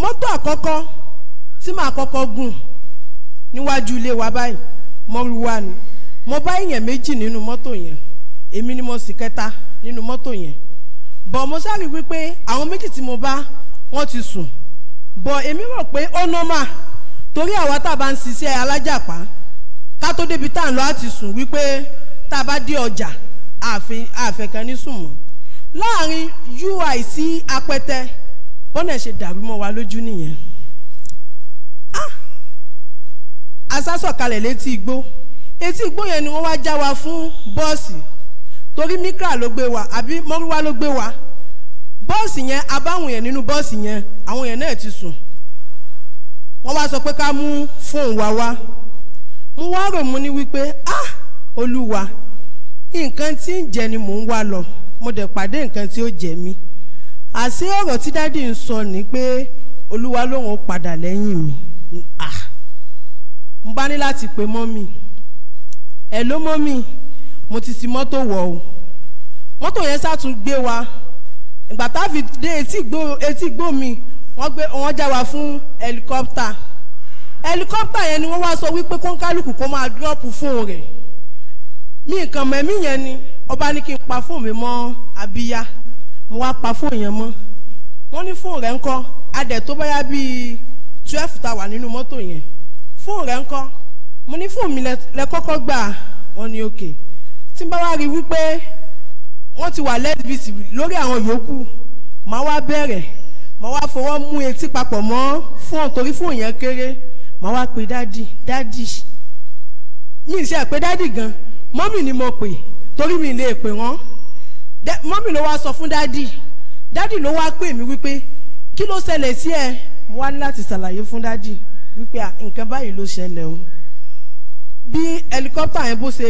mọ́tò àkọ́kọ́ tí màá kọ́kọ́ gùn níwájú ilé wa báyìí mọ́rúwá ni mo bá èèyàn méjì nínú mọ́tò yẹn èmi ni mo sì kẹta nínú mọ́tò yẹn bọ̀ mo sáré wípé àwọn méjì tí mo bá wọ́n ti sùn bọ̀ èmi rò pé ó nọ́mà torí àwa tá a bá ń ṣiṣẹ́ alájàpá ká tó débi tá à ń lọ àti sùn wípé tá a bá dé ọjà àfẹ̀kan ní sùn mọ́ láàrin ui sí apẹtẹ bọ́nà ẹ̀ ṣe dàrú mọ́ wa lójú nìyẹn asásọ̀kalẹ̀ ah! létí igbó etí igbó yẹn ni wọ́n wá já wa fún bọ́ọ̀sì torí mikra ló gbé wa àbí mọ́rúwá ló gbé wa bọ́ọ̀sì yẹn abáwọn yẹn nínú bọ́ọ̀sì yẹn àwọn yẹn náà ti sùn wọ́n wá sọ pé ká mú fóònù wa wá mo wá rò mú ní wípé ah olúwa nǹkan tí ń jẹ ni mò ń wá lọ mo dẹ̀ pàdé nǹkan tí ó jẹ mí àṣé ọ̀rọ̀ tí dádì ń sọ ni pé olúwa lòun padà lẹ́yìn mi mo bá ní láti pe mọ́mì ẹ̀ ló mọ́mì mo ti ti mọ́tò wọ̀ o mọ́tò yẹn sátún gbé wa ìgbà tá dé etí igbó mi wọ́n gbé wọ́n já wa fún helicopter helicopter yẹn ni wọ́n wá sọ wípé kọ́ńkálùkù kó máa dúrọ́pù fóun rẹ̀ mi nǹkan mẹ́mí yẹn ni ọba ní kí n pa fóun mi mọ́ abíyá mo wá pa fóònù yẹn mọ́ wọ́n ní fóònù rẹ̀ ńkọ́ adẹ̀ tó báyá bíi twelve ta wà nínú mọ́tò yẹn fóònù rẹ̀ ńkọ́ mo ní fóònù mi lẹ kọ́kọ́ gbà wọ́n ní òkè tí n bá wá rí wípé wọ́n ti wà lẹ́sibítì lórí àwọn yòókù màá wá bẹ̀rẹ̀ màá wá fọwọ́ mú etí papọ̀ mọ́ fóònù torí fóònù yẹn kéré màá wá pe dádì dádì mi ì ṣe àpé dádì gan mọ́mì ni mo pè torí mi lè pè wọ́n mọ́mì ló wá sọ fún dádì dádì ló wá pè mí wípé kí ló ṣẹlẹ̀ sí ẹ mo wá ní láti ṣàlàyé fún dádì wípé nǹkan báyìí ló ṣẹlẹ̀ o bí ẹlikọ́pítà yẹn bó ṣe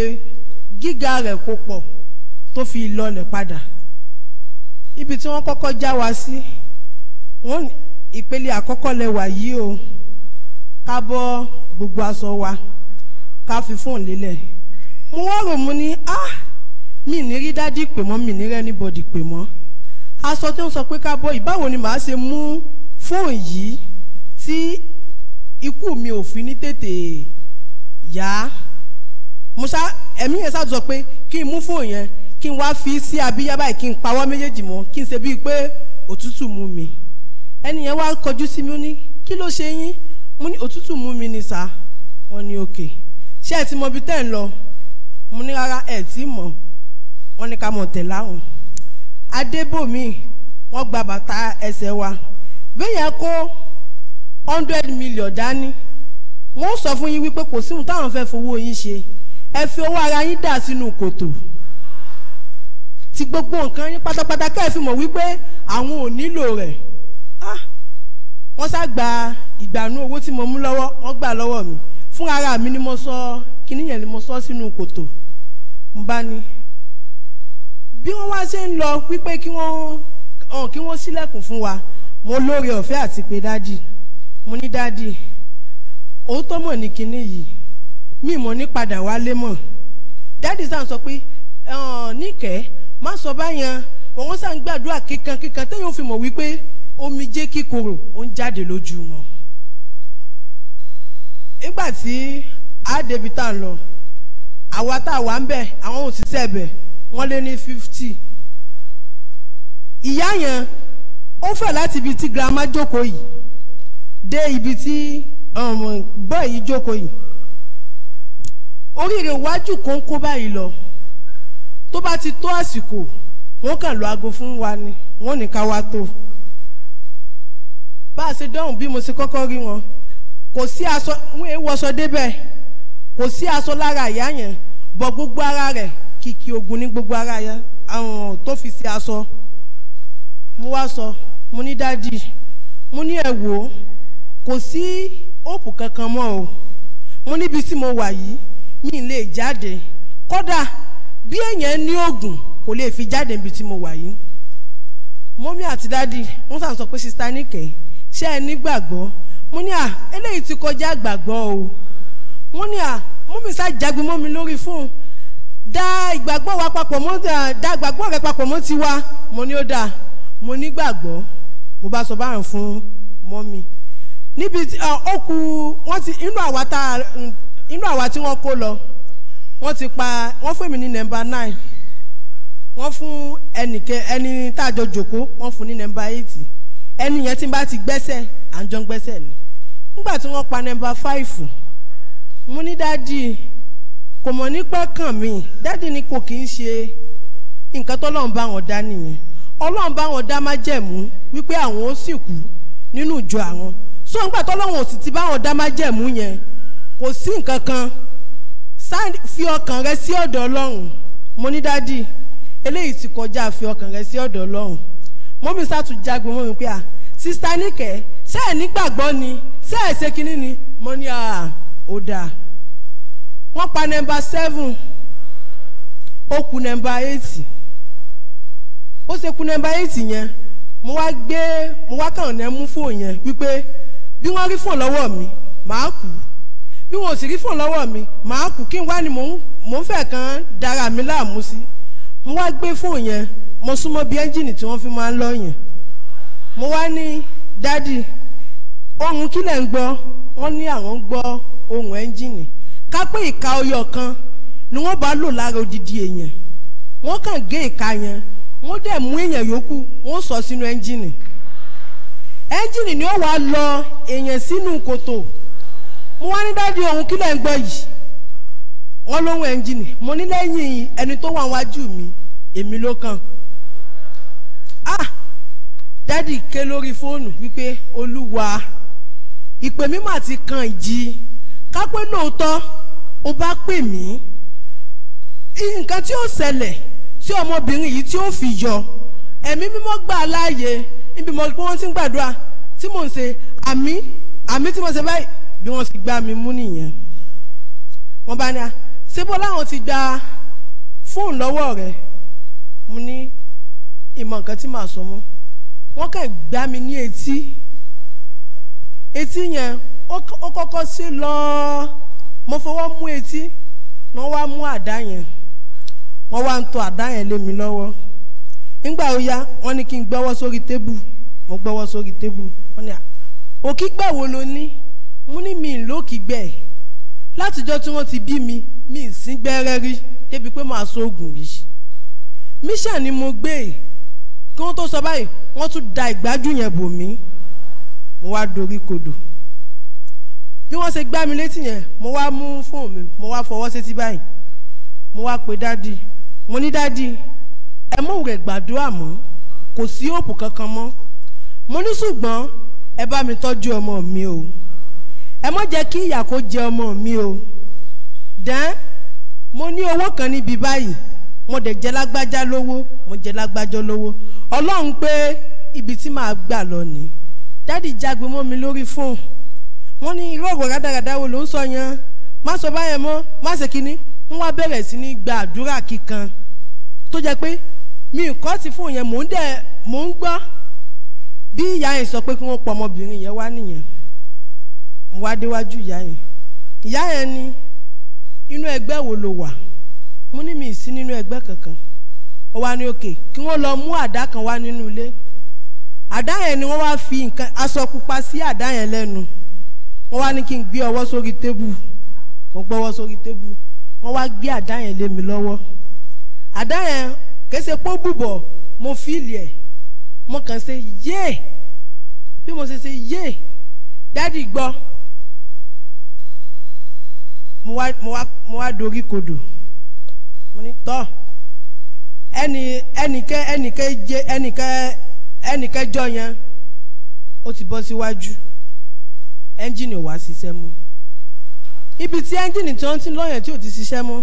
gíga rẹ̀ kò pọ̀ tó fi lọlẹ̀ padà ibi tí wọ́n kọ́kọ́ já wa sí wọ́n ìpele àkọ́kọ́ lẹ́wà yìí o ká bọ́ gbogbo aṣọ wa ká fi fóònù lélẹ̀ mo wá rò mú ní ah mi ní rí dádì pè mọ́ mi ní rẹ́ anybody pè mọ́ aṣọ tí wọ́n sọ pé ká bọ́ ìbáwo ni màá ṣe mú fóònù yìí tí ikú mi ò fi ní tètè yá mo ṣá ẹ̀mí yẹn ṣáà sọ pé kí n mú fóònù yẹn kí n wá fi sí abíyá báyìí kí n pawọ́ méjèèjì mọ́ kí n ṣe bíi pé òtútù mú mi ẹni yẹn wá kọjú sí mi ó ní kí ló ṣe yín mo ní òtútù mú mi ni sá wọn ní òkè ṣé ẹ ti mọ ibi tẹ́ ń lọ mo ní rárá ẹ ti mọ̀ wọ́n ní ká mọ̀ tẹ̀ láwọn adébòmí wọ́n gba bàtà ẹsẹ̀ wa bẹ́yẹn kó hundred million dání wọ́n sọ fún yín wípé kò síhun táwọn fẹ́ fowó yín ṣe ẹ fi owó ara yín dà sínú kòtò ti gbogbo nǹkan yín pátápátá kẹ́ ẹ fi mọ̀ wípé àwọn ò nílò rẹ̀ ah! wọ́n sá gba ìgbàanú owó tí mo mú lọ́wọ́ wọ́n gbà lọ́wọ́ mi fún ara mi ni mo sọ kíní yẹn ni mo sọ sínú kòtò ń bá ní bí wọ́n wá ṣe ń lọ wípé kí wọ́n hàn kí wọ́n ṣílẹ̀kùn fún wa mo lóore ọ̀fẹ́ àti pé dádì mo ní dádì òótọ́ mọ̀ ní kinní yìí mi mọ̀ ní padà wálé mọ̀ dádì sáà sọ pé níkẹ́ má sọ báyẹn wọ́n sáà ń gbàdúrà kíkan kíkan téèyàn fi mọ̀ wípé omijé kíkorò ó ń jáde lójú wọn. nígbà tí a débi tá a lọ àwa tá a wà ń bẹ̀ àwọn òṣìṣẹ́ bẹ̀ wọ́n lé ní fifty ìyá yẹn ó fẹ̀ láti ibi tí girama jókòó yìí dé ibi tí um, bọ́ yìí jókòó yìí oríire iwájú kónkó báyìí lọ tó bá ti tó àsìkò wọ́n kàn lọ aago fún wa ni wọ́n ní ká wá tó bá a ṣe dọ́hùn bí mo ṣe kọ́kọ́ rí wọn kò sí aṣọ wọn èèwọ̀ṣọ débẹ̀ kò sí aṣọ lára ìyá yẹn bọ̀ gbogbo ara rẹ̀ kìkì ogun ní gbogbo ara ya àwọn tó fi ṣe aṣọ mo wá sọ mo ní dádì mo ní ẹ wò ó kò sí òpù kankan mọ́ o mo níbi tí mo wà yìí mi lè jáde kódà bí èèyàn ní oògùn kò lè fi jáde níbi tí mo wà yìí mọ́mí àti dádì wọ́n sàn sọ pé sista níkẹ́ ṣé ẹ nígbàgbọ́ mo ní à eléyìí ti kọjá gbàgbọ́ o mo ní à mọ́mí sá jágbe mọ́ mi lórí fóun Da ìgbàgbọ́ wa papọ̀ mọ́ da ìgbàgbọ́ rẹ papọ̀ mọ́ tiwa mo ní ó dáa mo nígbàgbọ́ mo bá sọ báyìí fún mọ́mì níbi ó kù wọ́n ti inú àwa tá inú àwa tí wọ́n kó lọ wọ́n ti pa wọ́n fún èmi ní nẹ́mbà nine wọ́n fún ẹnìkẹ́ ẹni tá a jọ jòkó wọ́n fún ní nẹ́mbà eight ẹni yẹn tí bá ti gbẹ́sẹ̀ à ń jọ ń ni nígbà tí wọ́n pa nẹ́mbà five mo ní dájú kò mọ̀ nípa kàn mí dáàdì ni kò kì í ṣe nǹkan tọ́lọ́run bá wọn dá nìyẹn ọlọ́run bá wọn dá májẹ̀mú wípé àwọn ó sì kú nínú ìjọ àwọn so nígbà tọ́lọ́run ò sì ti bá wọn dá májẹ̀mú yẹn kò sí nǹkan kan fi ọkàn rẹ sí ọ̀dọ̀ ọlọ́run mo ní dáàdì eléyìí ti kọjá fi ọkàn rẹ sí ọ̀dọ̀ ọlọ́run mọ́mí sátúnjágbe mọ́mí pé à sísá níkẹ́ ṣé nígbàgbọ́ ni ṣé ṣe kinní ni mo ní à ó dáa wọ́n pa nẹ́mbà seven ó kù nẹ́mbà eight ó ṣe kù nẹ́mbà eight yẹn mo wá gbé mo wá kàn nẹ́ mú fóònù yẹn wípé bí wọ́n rí fóònù lọ́wọ́ mi màá kú bí wọn ò sì rí fóònù lọ́wọ́ mi màá kú kí n wá ni mò ń fẹ́ kan dára mi láàmú sí mo wá gbé fóònù yẹn mo súnmọ́ bí ẹ́ńjìnì tí wọ́n fi máa ń lọ yẹn mo wá ní dádì ohun kílẹ̀ ń gbọ́ wọ́n ní àwọn ń gbọ́ ohun ẹ́ńjìnì ká pé ìka ọyọ kan ni wọ́n bá lò lára odidi èèyàn wọ́n kàn gé ìka yẹn wọ́n dẹ̀ mú èèyàn yòókù wọ́n sọ sínú ẹ́ńjìnì ẹ́ńjìnì ni ó wá lọ èèyàn sínú kòtò mo wá ní dájú ohun kí lẹ́ ń gbọ́ yìí wọ́n lóhun ẹ́ńjìnì mo ní lẹ́yìn ẹni tó wà wájú mi èmi ló kàn ah dádì ké lórí fóònù wípé olúwa ìpè mi mà kan ìjì kápẹ́ lóòótọ́ o bá pè mí nǹkan tí ó ṣẹlẹ̀ tí ọmọbìnrin yìí tí ó fi yọ ẹ̀mí mímọ́ gbà láàyè níbi mo pé wọ́n ti ń gbàdúrà tí mò ń ṣe àmì àmì tí mo ṣe báyìí bí wọ́n ti gbá mi mú nìyẹn wọ́n bá ní a ṣé bó láwọn ti gba fóònù lọ́wọ́ rẹ̀ mo ní ìmọ̀ nǹkan tí màá sọ mọ́ wọ́n kàn gbá mi ní etí etí yẹn ó kọ́kọ́ sí lọ mo fọwọ́ mú etí ni wọ́n wá mú àdá yẹn wọ́n wá ń tọ àdá yẹn lé mi lọ́wọ́ nígbà ó yá wọ́n ní kí n gbọ́wọ́ sórí tébù mo gbọ́wọ́ sórí tébù wọ́n ní òkígbà wo lo ní mo ní mi lókìgbẹ́ látijọ́ tí wọ́n ti bí mi mi ì sí gbẹ́rẹ́ rí débi pé màá so oògùn yìí míṣà ni mo gbé e. kí wọ́n tó sọ báyìí wọ́n tún da ìgbájú yẹn bò mí mo wá dorí kodò bí wọ́n ṣe gbá mi létí yẹn mo wá mú fóònù mi mo wá fọwọ́ sétí báyìí mo wá pe dádì mo ní dádì ẹ mọ̀ rẹ̀ gbàdúrà mọ́ kò sí òpù kankan mọ́ mo ní ṣùgbọ́n ẹ bá mi tọ́jú ọmọ mi o ẹ má jẹ́ kí ìyà kó jẹ ọmọ mi o dán mo ní owó kan níbi báyìí mo dẹ̀ jẹ́ lágbájá lówó mo jẹ́ lágbájá lówó ọlọ́run pé ibi tí màá gbà lọ ni dádì jágbe mọ́ mi lórí fóònù wọ́n ní irú ọ̀rọ̀ rádaràda wo ló ń sọ yẹn má sọ báyẹn mọ́ má ṣe kínní wọ́n wá bẹ̀rẹ̀ sí ní gba àdúrà kíkan tó jẹ́ pé mi kọ́ sí fún yẹn mò ń dẹ̀ mò ń gbọ́ bí ìyá yẹn sọ pé kí wọ́n pọ ọmọbìnrin yẹn wá nìyẹn wá déwájú ìyá yẹn ìyá yẹn ni inú ẹgbẹ́ wo lo wà mo ní mi sí nínú ẹgbẹ́ kankan ó wá ní òkè kí wọ́n lọ mú àdá kan wá nínú ilé àdá yẹn ni wọ́n wá fi nǹkan aṣọ pupa sí àdá yẹn lẹ́nu wọ́n wá ní kí n gbé ọwọ́ sórí tébù mo gbọ́wọ́ sórí tébù wọ́n wá gbé àdá yẹn lé mi lọ́wọ́ àdá yẹn kése pọ́ bùbọ̀ mo fíìlì ẹ̀ mo kàn ṣe yéè bí mo ṣe ṣe yéè dádì gbọ́ mo wá mo wá mo wá dorí kodò mo ní tọ́ ẹnì ẹnìkẹ́ ẹnìkẹ́ jẹ ẹnìkẹ́ ẹnìkẹ́ jọ yẹn ó ti bọ́ síwájú. Si ẹ́ńjìnì ò wá ṣiṣẹ́ mọ́ ibi tí ẹ́ńjìnì tó ń ti lọ́yàn tí ò ti ṣiṣẹ́ mọ́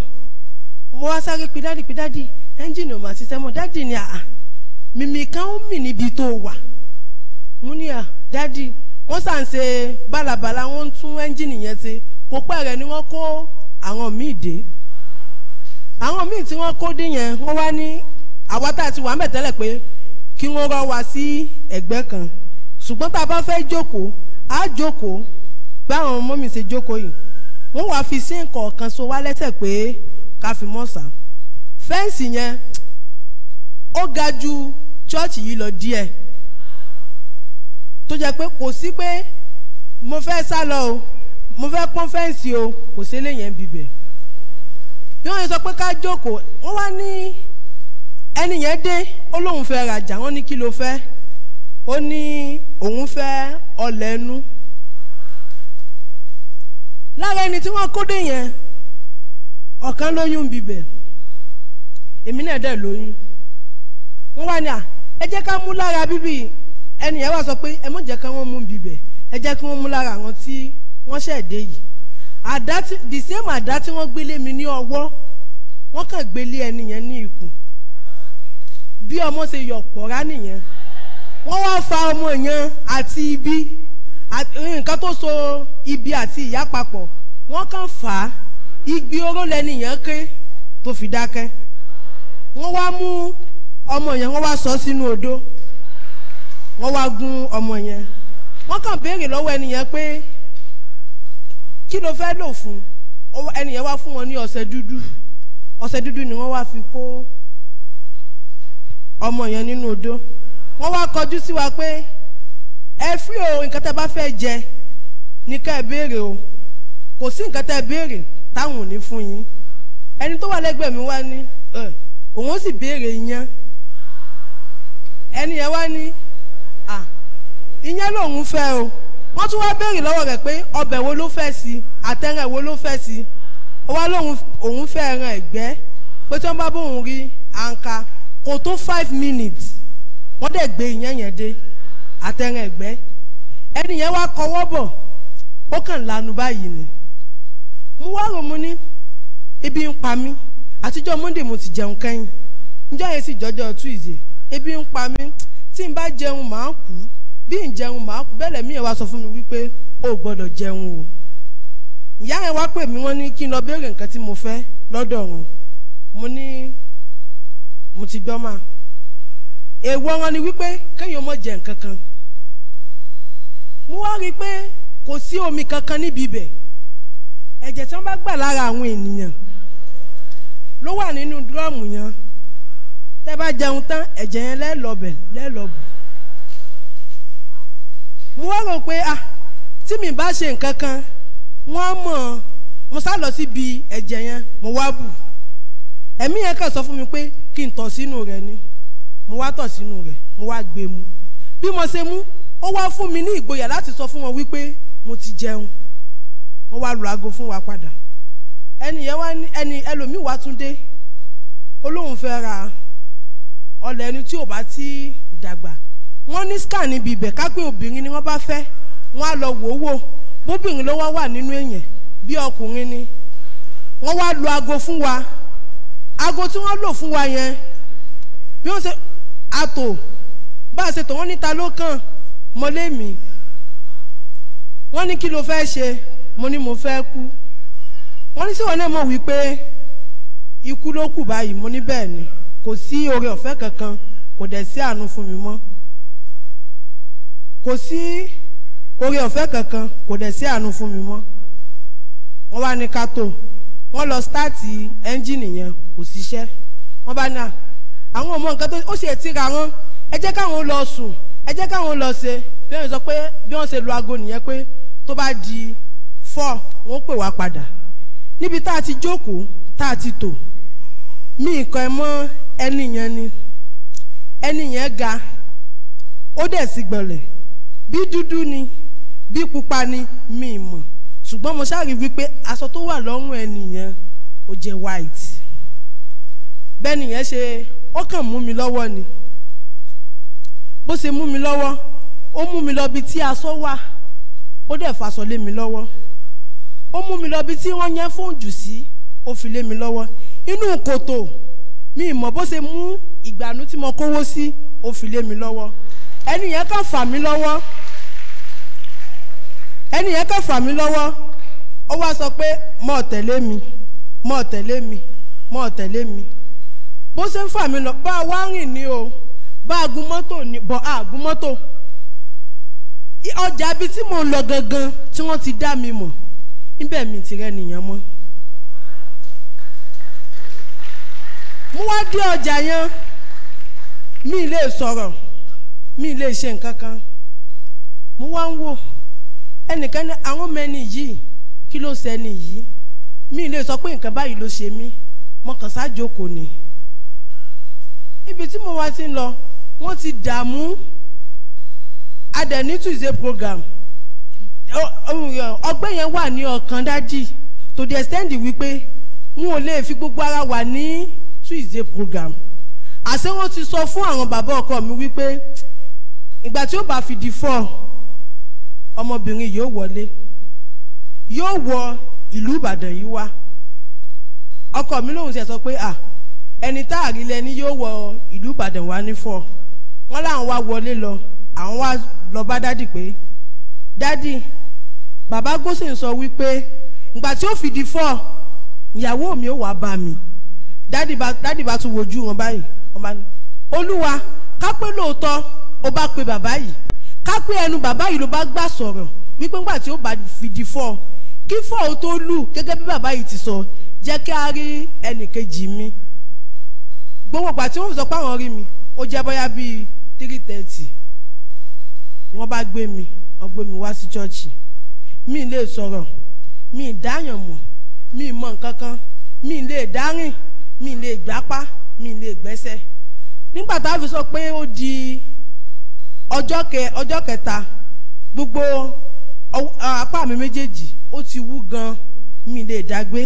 mo wá sáré pe dádì pe dádì ẹ́ńjìnì ò máa ṣiṣẹ́ mọ́ dádì ni àà ah, ah, mímì kan ó mì níbi tó wà mo ní à ah, dádì wọ́n sà ń ṣe bálabàla wọ́n ń tún ẹ́ńjìnì yẹn ṣe kò pẹ́ ni wọ́n kó àwọn míì dé àwọn míì tí wọ́n kó dé yẹn wọ́n wá ní àwa tá a ti wà ń pé kí wọ́n rọ́ wa sí ẹ̀gbẹ́ kan ṣùgbọ́n tá a bá fẹ́ jókòó á jókòó báwọn ọmọ mi ṣe jókòó yìí wọ́n wàá fi sí nǹkan kan so wá lẹ́sẹ̀ pé ká fi mọ́ sá fẹ́ǹsì yẹn ó ga ju chọ́ọ̀chì yìí lọ díẹ̀ tó jẹ́ pé kò sí pé mo fẹ́ sá lọ o mo fẹ́ pọ́n fẹ́ǹsì o kò sí eléyẹn bíbẹ̀ bí wọ́n yẹn sọ pé ká jókòó wọ́n wá ní ẹni yẹn dé ó lóun fẹ́ rajà wọ́n ní kí ló fẹ́ ó ní òun fẹ́ ọlẹ̀ ẹnu lára ẹni tí wọ́n kóde yẹn ọ̀kan lóyún bíbẹ̀ èmi náà dẹ̀ lóyún wọ́n wá ní à ẹ jẹ́ ká mú lára bíbí ẹni yẹn wá sọ pé ẹ mọ̀ jẹ́ ká wọ́n mú bíbẹ̀ ẹ jẹ́ kí wọ́n mú lára àwọn tí wọ́n ṣẹ̀ dé yìí àdá tí the same àdá tí wọ́n gbélé mi ní ọwọ́ wọ́n kàn gbélé ẹni yẹn ní ikùn bí ọmọ ṣe yọ̀ pọ̀ra nìyẹn wọ́n wá fa ọmọ yẹn àti ibi nǹkan tó so ibi àti ìyá papọ̀ wọ́n kàn fà á igbe oró lẹni yẹn ké tó fi dákẹ́ wọ́n wá mú ọmọ yẹn wọ́n wá sọ sínú odó wọ́n wá gún ọmọ yẹn wọ́n kàn béèrè lọ́wọ́ ẹni yẹn pé kí ló fẹ́ lò fún ẹni wá fún wọn ní ọṣẹ dúdú ọṣẹ dúdú ni wọ́n wá fi kó ọmọ yẹn nínú odó wọ́n wá kọjú sí wa pé ẹ fí o nǹkan tẹ́ bá fẹ́ jẹ ní ká ẹ béèrè o kò sí nǹkan tẹ́ béèrè táwọn ò ní fún yín ẹni tó wà lẹ́gbẹ̀ẹ́ mi wá ní òun sì béèrè iyán ẹni yẹn wá ní iyán lòun fẹ́ o wọ́n tún wá béèrè lọ́wọ́ rẹ̀ pé ọbẹ̀ wo ló fẹ́ sí àtẹ̀rẹ̀ wo ló fẹ́ sí ó wá òun fẹ́ ẹran ẹ̀gbẹ́ pé tí wọ́n bá bóun rí àǹkà kò tó five minutes wọ́n dẹ̀ gbé ìyẹn yẹn dé àtẹ̀rìn ẹ̀gbẹ́ ẹni yẹn wá kọwọ́ bọ̀ ó kàn lanu báyìí ni mo wá rò mo ní ebi ń pa mí àtijọ́ monday mo ti jẹun kẹ́yìn njọ́ yẹn sì jọjọ́ tuesday ebi ń pa mí tí n bá jẹun màá kú bí n jẹun màá kú bẹ́ẹ̀ lẹ́mí yẹn wá sọ fún mi wípé o gbọ́dọ̀ jẹun o ìyá yẹn wá pè mí wọ́n ní kí n lọ béèrè nǹkan tí mo fẹ́ lọ́dọ̀ wọn mo ní mo ti gbọ́ máa èèwọ̀ wọn ni wípé kéèyàn má jẹ nǹkan kan mo wá rí i pé kò sí omi kankan níbi ibẹ̀ ẹ̀jẹ̀ tí wọ́n bá gbà lára àwọn ènìyàn ló wà nínú dúrọ́ọ̀mù yẹn tẹ́ bá jẹun tán ẹ̀jẹ̀ yẹn lẹ́lọ́bẹ̀ lẹ́lọ́bù mo wá rò pé ah tí mi bá ṣe nǹkan kan wọ́n mọ̀ mo sá lọ síbi ẹ̀jẹ̀ yẹn mo wá bù ẹ̀mí yẹn kàn sọ fún mi pé kí n tọ̀ sínú rẹ̀ ni mo wá tọ̀ sínú rẹ̀ mo wá gbé e mu bí mo ṣe mú ó wá fún mi ní ìgboyà láti sọ fún wọn wípé mo ti jẹun wọ́n wá lu aago fún wa padà ẹni yẹn wá ní ẹni ẹlòmíì wá tún dé olóhùn fẹ́ ra ọlẹ̀ ẹni tí ò bá ti dàgbà wọ́n ní scan níbi ibẹ̀ ká obìnrin ni wọ́n bá fẹ́ wọ́n á lọ wò bóbìnrin ló wá wà nínú èèyàn bí ọkùnrin ni wọ́n wá lu aago fún wa aago tí wọ́n lò fún wa yẹn bí wọ́n ṣe àtò bá a ṣe tò wọ́n níta ló kàn mọ́lé mi wọ́n ní kí ló fẹ́ ṣe mo ní mo fẹ́ kú wọ́n ní síwọ́n náà mọ̀ wípé ikú ló kù báyìí mo ní bẹ́ẹ̀ ni kò sí oore ọ̀fẹ́ kankan kò dẹ̀ sí àánú fún mi mọ́ kò sí oore ọ̀fẹ́ kankan kò dẹ̀ sí àánú fún mi mọ́ wọ́n wá ní ká wọ́n lọ sítáàtì ẹ́ńjìnì yẹn kò ṣiṣẹ́ wọ́n bá ní à àwọn ọmọ nǹkan tó ó ṣe ìtira wọn ẹ jẹ́ káwọn lọ sùn ẹ jẹ́ káwọn lọ ṣe bí wọ́n sọ pé bí wọ́n ṣe lu aago nìyẹn pé tó bá di four wọ́n pè wá padà níbi tá a ti jókòó tá a ti tò mí nǹkan ẹ mọ́ ẹni yẹn ni ẹni yẹn ga ó dẹ̀ sì gbọ̀nlẹ̀ bí dúdú ni bí pupa ni mi mọ̀ ṣùgbọ́n mo ṣáà rí wípé aṣọ tó wà lọ́rùn ẹni yẹn ó jẹ́ white bẹ́ẹ̀ nìyẹn ṣe ó kàn mú mi lọ́wọ́ ni bó ṣe mú mi lọ́wọ́ ó mú mi lọ bí tí aṣọ wà ó dẹ̀ faṣọ lé mi lọ́wọ́ ó mú mi lọ bí tí wọ́n yẹn fóun jù sí ó fi lé mi lọ́wọ́ inú kòtò mi ìmọ̀ bó ṣe mú ìgbànú tí mo kówó sí ó fi lé mi lọ́wọ́ ẹni yẹn kàn fà mí lọ́wọ́ ẹni yẹn kàn fà mí lọ́wọ́ ó wá sọ pé mọ̀ tẹ̀lé mi mọ̀ tẹ̀lé mi mọ̀ tẹ̀lé mi bó ṣe ń fà mí lọ bá a wá rìn ní o bá a gun mọ́tò ní bọ̀ a gun mọ́tò ọjà bíi tí mò ń lọ gangan tí wọ́n ti dá mi mọ̀ níbẹ̀ mi ti rẹ́ nìyẹn mọ́ mo wá dé ọjà yẹn mi lè sọ̀rọ̀ mi lè ṣe nǹkan kan mo wá ń wò ẹnìkan ní àwọn ọmọ ẹni yìí kí ló ṣe ẹni yìí mi lè sọ pé nǹkan báyìí ló ṣe mí mo kàn ṣáà jókòó ni ibi tí mo wá ti ń lọ wọ́n ti dààmú a dẹ̀ ní tuesday program ọgbẹ́ yẹn wà ní ọkàn dájì to the extent wípé n ò lè fi gbogbo ara wà ní tuesday program àṣé wọ́n ti sọ fún àwọn bàbá ọkọ mi wípé ìgbà tí ó bá fi di four ọmọbìnrin yóò wọlé yóò wọ ìlú ìbàdàn yìí wá ọkọ mi lòun ṣe sọ pé ah ẹni tá àrílẹ̀ ni yóò wọ ìlú ìbàdàn wá ní fọ́ wọn láwọn wá wọlé lọ àwọn wá lọ bá dádì pé dádì bàbá Gósìn sọ wípé ìgbà tí ó fìdí fọ́ ìyàwó mi ò wá bá mi dádì bá dádì bá tún wojú wọn báyìí ọba ní olúwa ká pé lóòótọ́ ó bá pe bàbá yìí ká pé ẹnu bàbá yìí ló bá gbà sọ̀rọ̀ wípé ńgbà tí ó bá fìdí fọ́ kí fọ́ ò tó lù gẹ́gẹ́ bí bàbá yìí ti sọ jẹ́ kí a rí ẹnìkejì mi gbogbo ìgbà tí wọ́n sọ pé àwọn rí mi ó jẹ́ bóyá bíi three thirty wọ́n bá gbé mi wọ́n gbé mi wá sí chọ́ọ̀chì mi lè sọ̀rọ̀ mi dáyàn mọ̀ mi mọ̀ nǹkan kan mi lè dárìn mi lè gbápá mi lè gbẹ́sẹ̀ nígbà tá a fi sọ pé ó di ọjọ́ kẹ ọjọ́ kẹta gbogbo apá mi méjèèjì ó ti wú gan mi lè dágbé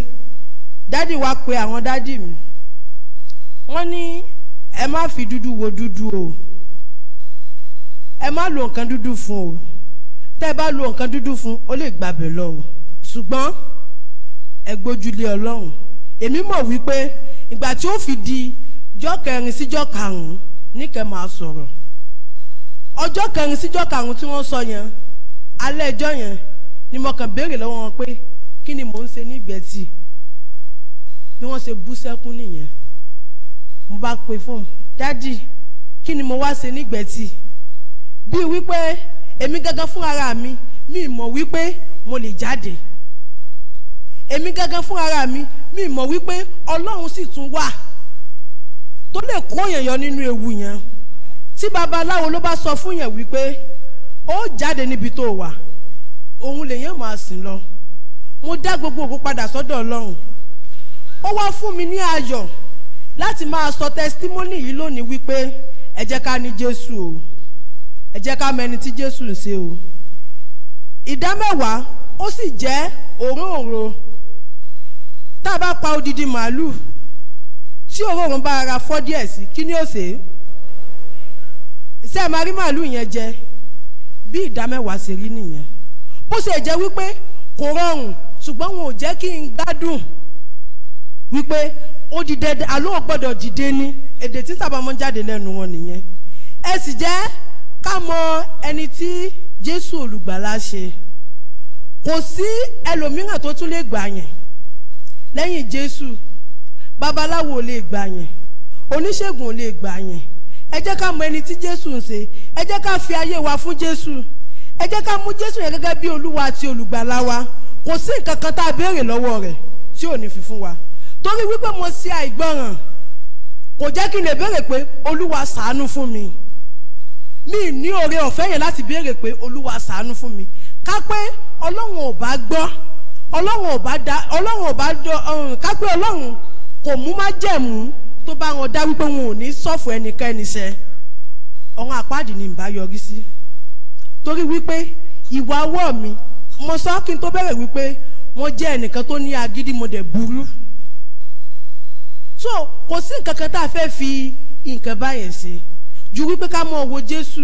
dádì wa pe àwọn dádì mi wọ́n ní ẹ má fi dúdú wo dúdú o ẹ má lo nǹkan dúdú fún o tẹ́ ẹ bá lo nǹkan dúdú fún ó lè gbàbẹ̀ lọ o ṣùgbọ́n ẹ gbójúlé ọlọ́run èmi mọ̀ wípé ìgbà tí ó fi di jọ́ kẹrin síjọ́ karùn-ún níkẹ́ máa sọ̀rọ̀ ọjọ́ kẹrin síjọ́ karùn-ún tí wọ́n sọ yẹn alẹ́ ẹjọ́ yẹn ni mo kàn béèrè lọ́wọ́ wọn pé kí ni mò ń ṣe nígbẹ̀ẹ́sì bí wọ́n ṣe bú sẹ́kún nìyẹn mo bá pe fóun dádì kí ni mo wá ṣe nígbẹ̀tì bíi wípé èmi gangan fún ara mi mi mọ̀ wípé mo lè jáde èmi gangan fún ara mi mi mọ̀ wípé ọlọ́run sì tún wà tó lè kó yẹn yọ nínú ewu yẹn tí babaláwo ló bá sọ fún yẹn wípé ó jáde níbi tó wà òun lèyàn máa sìn lọ mo dá gbogbo òkú padà sọ́dọ̀ ọlọ́run ó wá fún mi ní ayọ̀ láti máa sọ testimony yìí lónìí wípé ẹ jẹ́ ká ní Jésù o ẹ jẹ́ ká mẹni tí Jésù ń ṣe o ìdá mẹ́wàá ó sì jẹ́ òróǹro tá a bá pa odidi màálù tí òróǹro bá ara fọ́ díẹ̀ sí kí ni ó ṣe ṣe máa rí màálù yẹn jẹ bí ìdá mẹ́wàá ṣe rí nìyẹn bó ṣe jẹ́ wípé kò rọrùn ṣùgbọ́n wọn ò jẹ́ kí n gbádùn wípé ó dìde àlọ́ ò gbọ́dọ̀ dìde ni èdè tí sábà máa ń jáde lẹ́nu wọn nìyẹn ẹ sì jẹ́ ká mọ ẹni tí Jésù olùgbàlà ṣe kò sí ẹlòmíràn tó tún lè gbà yẹn lẹ́yìn Jésù babaláwo ò lè gbà yẹn oníṣègùn ò lè gbà yẹn ẹ jẹ́ ká mọ ẹni tí Jésù ń ṣe ẹ jẹ́ ká fi ayé wa fún Jésù ẹ jẹ́ ká mú Jésù yẹn gẹ́gẹ́ bí Olúwa àti olùgbàlà wa kò sí nǹkan kan tá a béèrè lọ́wọ́ rẹ̀ tí ò ní fi fún wa torí wípé mo ṣe àìgbọràn kò jẹ́ kí n lè béèrè pé olúwa ṣàánú fún mi mi ní oore ọ̀fẹ́ yẹn láti béèrè pé olúwa ṣàánú fún mi ká pé ọlọ́run ò bá gbọ́ ọlọ́run ò bá da ọlọ́run ò bá dọ ká pé ọlọ́run kò mú májẹ̀mú tó bá wọn dá wípé wọn ò ní sọ̀fù ẹnikẹ́ni sẹ́ ọ̀run àpáàdì ni ìbá yọrí sí torí wípé ìwà ọwọ́ mi mo sọ kí n tó bẹ̀rẹ̀ wípé mo jẹ́ ẹnìkan tó ní agídí mo dẹ̀ burú so kò sí nǹkan kan tá a fẹ́ fi nǹkan báyẹn ṣe ju wípé ká mọ owó Jésù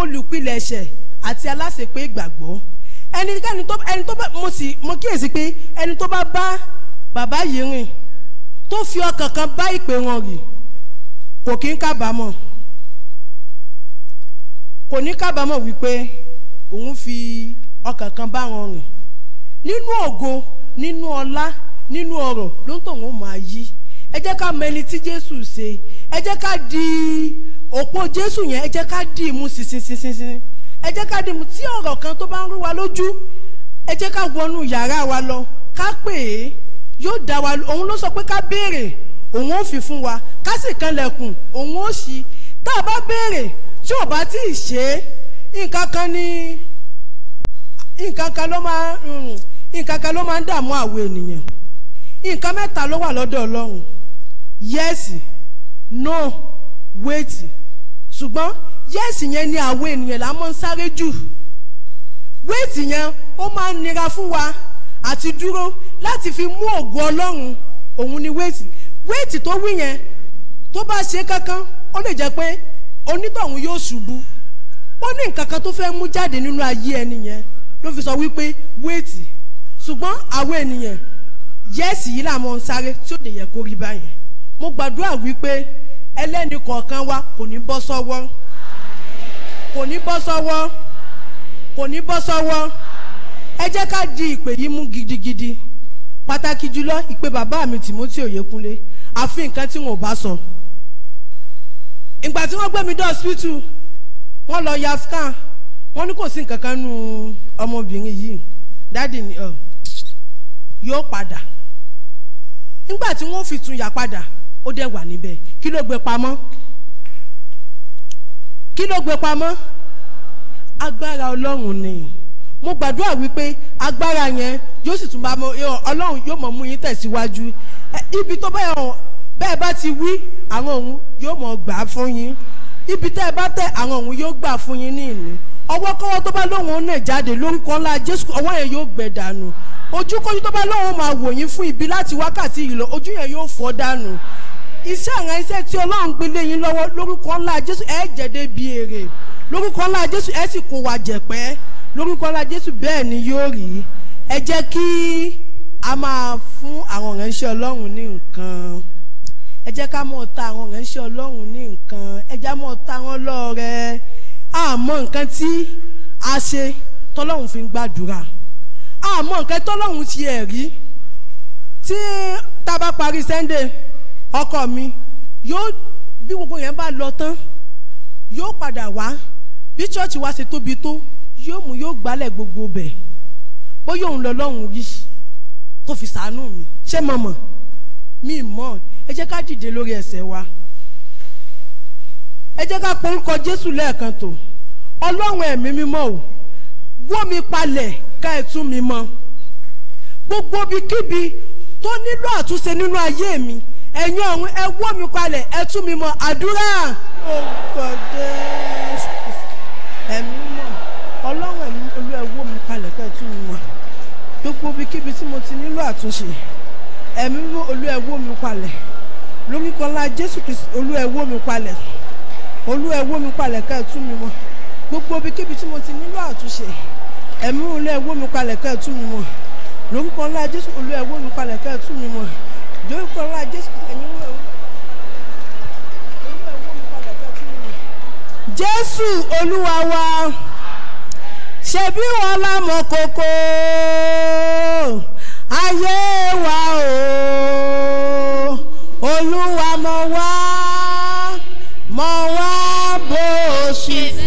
olùpilẹ̀ṣẹ̀ àti aláṣepé ìgbàgbọ́ ẹnikẹ́ni tó ẹni tó bá mo sì mo kíyèsí pé ẹni tó bá bá bàbá yìí rìn tó fi ọkàn kan bá ìpè wọn rì kò kí ń kábàámọ̀ kò ní kábàámọ̀ wípé òun fi ọkàn kan bá wọn rìn nínú ògo nínú ọlá nínú ọrọ̀ ló ń tòun ó máa yí ẹ jẹ́ ká mọ ẹni tí jésù ṣe ẹ jẹ́ ká di òpó jésù yẹn ẹ jẹ́ ká di ìmú sísinsinsin ẹ jẹ́ ká di ìmú tí ọ̀rọ̀ kan tó bá ń rú wa lójú ẹ jẹ́ ká wọnú yàrá wa lọ ká pè é yóò dá wa òun ló sọ pé ká béèrè òun ó fi fún wa ká sì kanlẹ̀kùn òun ó ṣí tá a bá béèrè tí ò bá tí ì ṣe é nǹkan kan ni nǹkan kan ló máa nǹkan kan ló máa ń dààmú àwọn ènìyàn nǹkan mẹ́ta ló wà lọ́dọ̀ ọlọ́run yes no wait ṣùgbọ́n yes yẹn ni àwọn ènìyàn là mọ́ ń sáré jù wait yẹn ó máa ń nira fún wa àti dúró láti fi mú ògo ọlọ́run òun ni wait wait tó wí yẹn tó bá ṣe kankan ó lè jẹ́ pé onítọ̀hún yóò ṣubú ó ní nǹkan kan tó fẹ́ mú jáde nínú ayé ẹni yẹn ló fi sọ wípé wait ṣùgbọ́n àwọn ènìyàn yẹ́ẹ̀sì yìí làwọn ń sáré tí ò lè yẹ kó rí báyìí mo gbàdúrà wípé ẹlẹ́ni kọ̀ọ̀kan wa kò ní bọ́ sọ́wọ́ kò ní bọ́ sọ́wọ́ kò ní bọ́ sọ́wọ́ ẹ jẹ́ ká di ìpè yìí mú gidigidi pàtàkì jùlọ ìpè bàbá mi Timothy Oyekunle àfi nǹkan tí wọn ò bá sọ ìgbà tí wọ́n gbé mi dé hospital wọ́n lọ ya scan wọ́n ní kò sí nǹkan kan nù ọmọbìnrin yìí dáàdì ni yóò padà nígbà tí wọ́n fi tún yà padà ó dẹ̀ wà níbẹ̀ kí ló gbé pamọ́ kí ló gbé pamọ́ agbára ọlọ́run ni mo gbàdúrà wípé agbára yẹn yóò sì tún bá mọ ọlọ́run yóò mọ̀ mú yín tẹ̀síwájú ibi tó bẹ́ẹ̀ hàn bẹ́ẹ̀ bá ti wí àwọn òun yóò mọ̀ gbà fún yín ibi tẹ́ ẹ bá tẹ̀ àwọn òun yóò gbà fún yín ní ìní ọwọ́ kọ́wọ́ tó bá lóun ó nà jáde lórúkọ ńlá Jésù ọwọ́ yẹn yóò gbẹ dànù ojúkójú tó bá lóun máa wò yín fún ibi láti wákàtí yìí lọ ojú yẹn yóò fọ́ dànù iṣẹ́ àwọn iṣẹ́ tí Ọlọ́run gbé lé yín lọ́wọ́ lórúkọ ńlá Jésù ẹ jẹ̀dẹ̀ bí èrè lórúkọ ńlá Jésù ẹ sì kó wa jẹ̀pẹ́ lórúkọ ńlá Jésù bẹ́ẹ̀ ni yóò rí ẹ jẹ́ kí a máa fún àwọn ìránṣẹ́ Ọlọ́run ní nǹkan ẹ jẹ́ ká mọ̀ ta àwọn ìránṣẹ́ Ọlọ́run ní nǹkan ẹ jẹ́ mọ̀ ta wọn lọ́ọ́ àmọ́ nǹkan tí a ṣe tọ́lọ́hún fi ń gbàdúrà àmọ́ nǹkan tọ́lọ́hún ti ẹ̀ rí tí tá a bá parí Sunday ọkọ mi yóò bí gbogbo yẹn bá lọ tán yóò padà wá bí chọ́ọ̀chì wa ṣe tóbi tó yóò mú yóò gbálẹ̀ gbogbo bẹ̀ bóyá òun lọ lọ́hùn rí tó fi sàánú mi ṣé mo mọ̀ mi mọ̀ ẹ jẹ́ ká dìde lórí ẹsẹ̀ wa ẹ jẹ́ ká pọ́nkọ Jésù lẹ́ẹ̀kan tó ọlọ́run ẹ̀mí mímọ́ o wó mi palẹ̀ ká ẹ tún mi mọ́ gbogbo ibikíbi tó nílò àtúnṣe nínú ayé mi ẹ̀yin ọ̀run ẹ wó mi palẹ̀ ẹ tún mi mọ́ àdúrà. ẹ̀mí mọ̀ ọlọ́run ẹ̀mí olú ẹ wó mi palẹ̀ ká ẹ tún mi mọ́ gbogbo ibikíbi tí mo ti nílò àtúnṣe ẹ̀mí mímọ́ olú ẹ wó mi palẹ̀ lórúkọ ńlá jésù kristu olú ẹ wó mi palẹ̀ olú ẹ wó mi palẹ̀ ká ẹ tún mi mọ́ gbogbo ibikíbi tí mo ti nílò àtúnṣe ẹ̀mí olú ẹ̀wọ́ mi palẹ̀ kẹ́ ẹ̀ tún mi mọ̀ lórúkọ ńlá jésù olú ẹ̀wọ́ mi palẹ̀ kẹ́ ẹ̀ tún mi mọ̀ lórúkọ ńlá jésù ẹ̀mí olú ẹ̀wọ́ mi palẹ̀ kẹ́ ẹ̀ tún mi mọ̀. jésù olúwa wa ṣebí wọn la mọ̀ kókó ayé wa o olúwa mọ̀ wá mọ̀ wá bó o ṣe.